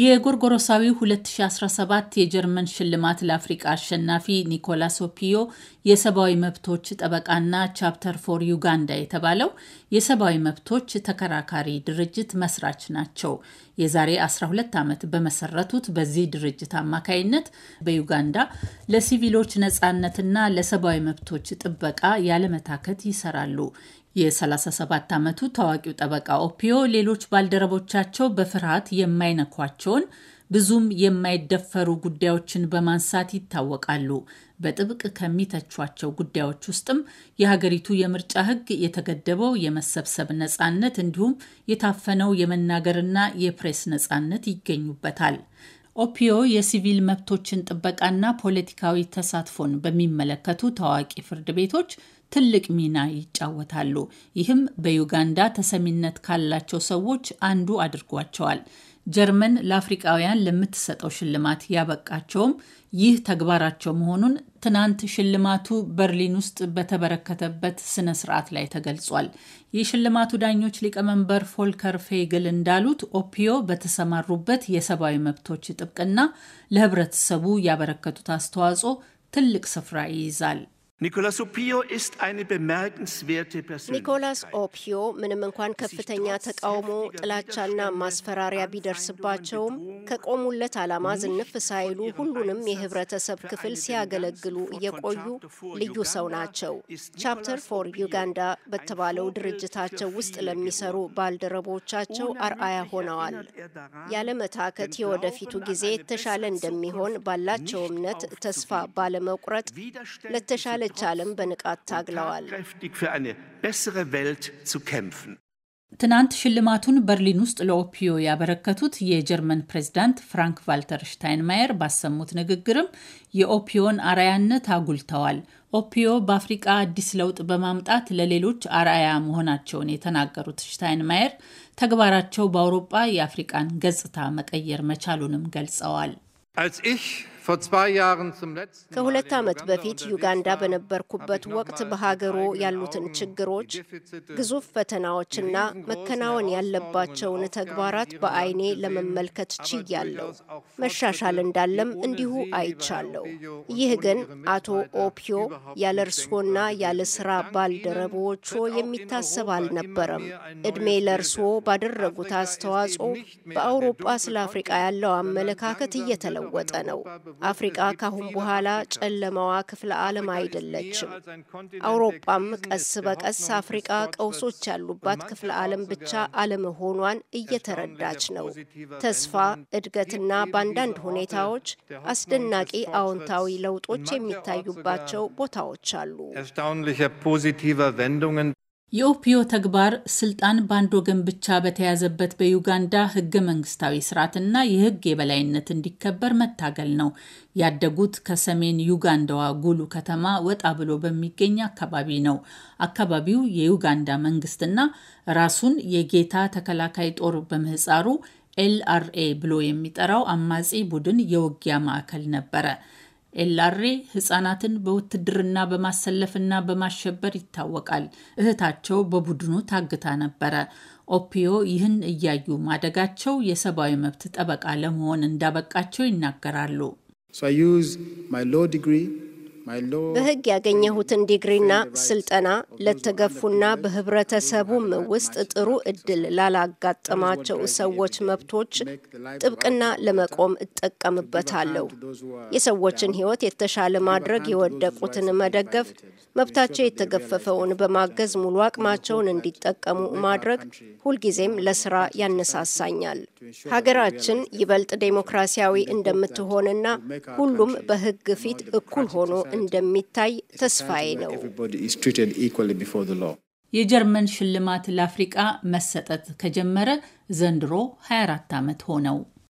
የጎርጎሮሳዊ 2017 የጀርመን ሽልማት ለአፍሪቃ አሸናፊ ኒኮላስ ኦፒዮ የሰብአዊ መብቶች ጠበቃና ቻፕተር ፎር ዩጋንዳ የተባለው የሰብአዊ መብቶች ተከራካሪ ድርጅት መስራች ናቸው። የዛሬ 12 ዓመት በመሰረቱት በዚህ ድርጅት አማካይነት በዩጋንዳ ለሲቪሎች ነፃነትና ለሰብአዊ መብቶች ጥበቃ ያለመታከት ይሰራሉ። የ37 ዓመቱ ታዋቂው ጠበቃ ኦፒዮ ሌሎች ባልደረቦቻቸው በፍርሃት የማይነኳቸውን ብዙም የማይደፈሩ ጉዳዮችን በማንሳት ይታወቃሉ። በጥብቅ ከሚተቿቸው ጉዳዮች ውስጥም የሀገሪቱ የምርጫ ሕግ፣ የተገደበው የመሰብሰብ ነጻነት እንዲሁም የታፈነው የመናገርና የፕሬስ ነጻነት ይገኙበታል። ኦፒዮ የሲቪል መብቶችን ጥበቃና ፖለቲካዊ ተሳትፎን በሚመለከቱ ታዋቂ ፍርድ ቤቶች ትልቅ ሚና ይጫወታሉ። ይህም በዩጋንዳ ተሰሚነት ካላቸው ሰዎች አንዱ አድርጓቸዋል። ጀርመን ለአፍሪቃውያን ለምትሰጠው ሽልማት ያበቃቸውም ይህ ተግባራቸው መሆኑን ትናንት ሽልማቱ በርሊን ውስጥ በተበረከተበት ስነ ስርዓት ላይ ተገልጿል። የሽልማቱ ዳኞች ሊቀመንበር ፎልከር ፌግል እንዳሉት ኦፒዮ በተሰማሩበት የሰብአዊ መብቶች ጥብቅና ለህብረተሰቡ ያበረከቱት አስተዋጽኦ ትልቅ ስፍራ ይይዛል። ኒኮላስ ኦፒዮ ኦፒዮ ምንም እንኳን ከፍተኛ ተቃውሞ ጥላቻና ማስፈራሪያ ቢደርስባቸውም ከቆሙለት ዓላማ ዝንፍ ሳይሉ ሁሉንም የህብረተሰብ ክፍል ሲያገለግሉ እየቆዩ ልዩ ሰው ናቸው። ቻፕተር ፎር ዩጋንዳ በተባለው ድርጅታቸው ውስጥ ለሚሰሩ ባልደረቦቻቸው አርአያ ሆነዋል። er ያለመታከት የወደፊቱ ጊዜ የተሻለ እንደሚሆን ባላቸው እምነት ተስፋ ባለመቁረጥ ለተሻለ አልቻለም። በንቃት ታግለዋል። ትናንት ሽልማቱን በርሊን ውስጥ ለኦፒዮ ያበረከቱት የጀርመን ፕሬዝዳንት ፍራንክ ቫልተር ሽታይንማየር ባሰሙት ንግግርም የኦፒዮን አርአያነት አጉልተዋል። ኦፒዮ በአፍሪቃ አዲስ ለውጥ በማምጣት ለሌሎች አርአያ መሆናቸውን የተናገሩት ሽታይንማየር ተግባራቸው በአውሮጳ የአፍሪቃን ገጽታ መቀየር መቻሉንም ገልጸዋል። ከሁለት ዓመት በፊት ዩጋንዳ በነበርኩበት ወቅት በሀገሩ ያሉትን ችግሮች፣ ግዙፍ ፈተናዎችና መከናወን ያለባቸውን ተግባራት በአይኔ ለመመልከት ችያለሁ። መሻሻል እንዳለም እንዲሁ አይቻለሁ። ይህ ግን አቶ ኦፒዮ ያለ እርስዎና ያለ ስራ ባልደረቦችዎ የሚታሰብ አልነበረም። እድሜ ለእርስዎ ባደረጉት eh አስተዋጽኦ በአውሮጳ ስለ አፍሪቃ ያለው አመለካከት እየተለወጠ ነው። አፍሪቃ ካሁን በኋላ ጨለማዋ ክፍለ ዓለም አይደለችም። አውሮጳም ቀስ በቀስ አፍሪቃ ቀውሶች ያሉባት ክፍለ ዓለም ብቻ አለመሆኗን እየተረዳች ነው። ተስፋ፣ እድገትና በአንዳንድ ሁኔታዎች አስደናቂ አዎንታዊ ለውጦች የሚታዩባቸው ቦታዎች አሉ። የኦፒዮ ተግባር ስልጣን በአንድ ወገን ብቻ በተያዘበት በዩጋንዳ ህገ መንግስታዊ ስርዓትና የህግ የበላይነት እንዲከበር መታገል ነው። ያደጉት ከሰሜን ዩጋንዳዋ ጉሉ ከተማ ወጣ ብሎ በሚገኝ አካባቢ ነው። አካባቢው የዩጋንዳ መንግስትና ራሱን የጌታ ተከላካይ ጦር በምህፃሩ ኤልአርኤ ብሎ የሚጠራው አማጺ ቡድን የውጊያ ማዕከል ነበረ። ኤላሬ ህጻናትን በውትድርና በማሰለፍና በማሸበር ይታወቃል። እህታቸው በቡድኑ ታግታ ነበረ። ኦፒዮ ይህን እያዩ ማደጋቸው የሰብአዊ መብት ጠበቃ ለመሆን እንዳበቃቸው ይናገራሉ። በህግ ያገኘሁትን ዲግሪና ስልጠና ለተገፉና በህብረተሰቡም ውስጥ ጥሩ እድል ላላጋጠማቸው ሰዎች መብቶች ጥብቅና ለመቆም እጠቀምበታለሁ። የሰዎችን ህይወት የተሻለ ማድረግ፣ የወደቁትን መደገፍ፣ መብታቸው የተገፈፈውን በማገዝ ሙሉ አቅማቸውን እንዲጠቀሙ ማድረግ ሁልጊዜም ለስራ ያነሳሳኛል። ሀገራችን ይበልጥ ዴሞክራሲያዊ እንደምትሆንና ሁሉም በህግ ፊት እኩል ሆኖ እንደሚታይ ተስፋዬ ነው። የጀርመን ሽልማት ለአፍሪቃ መሰጠት ከጀመረ ዘንድሮ 24 ዓመት ሆነው።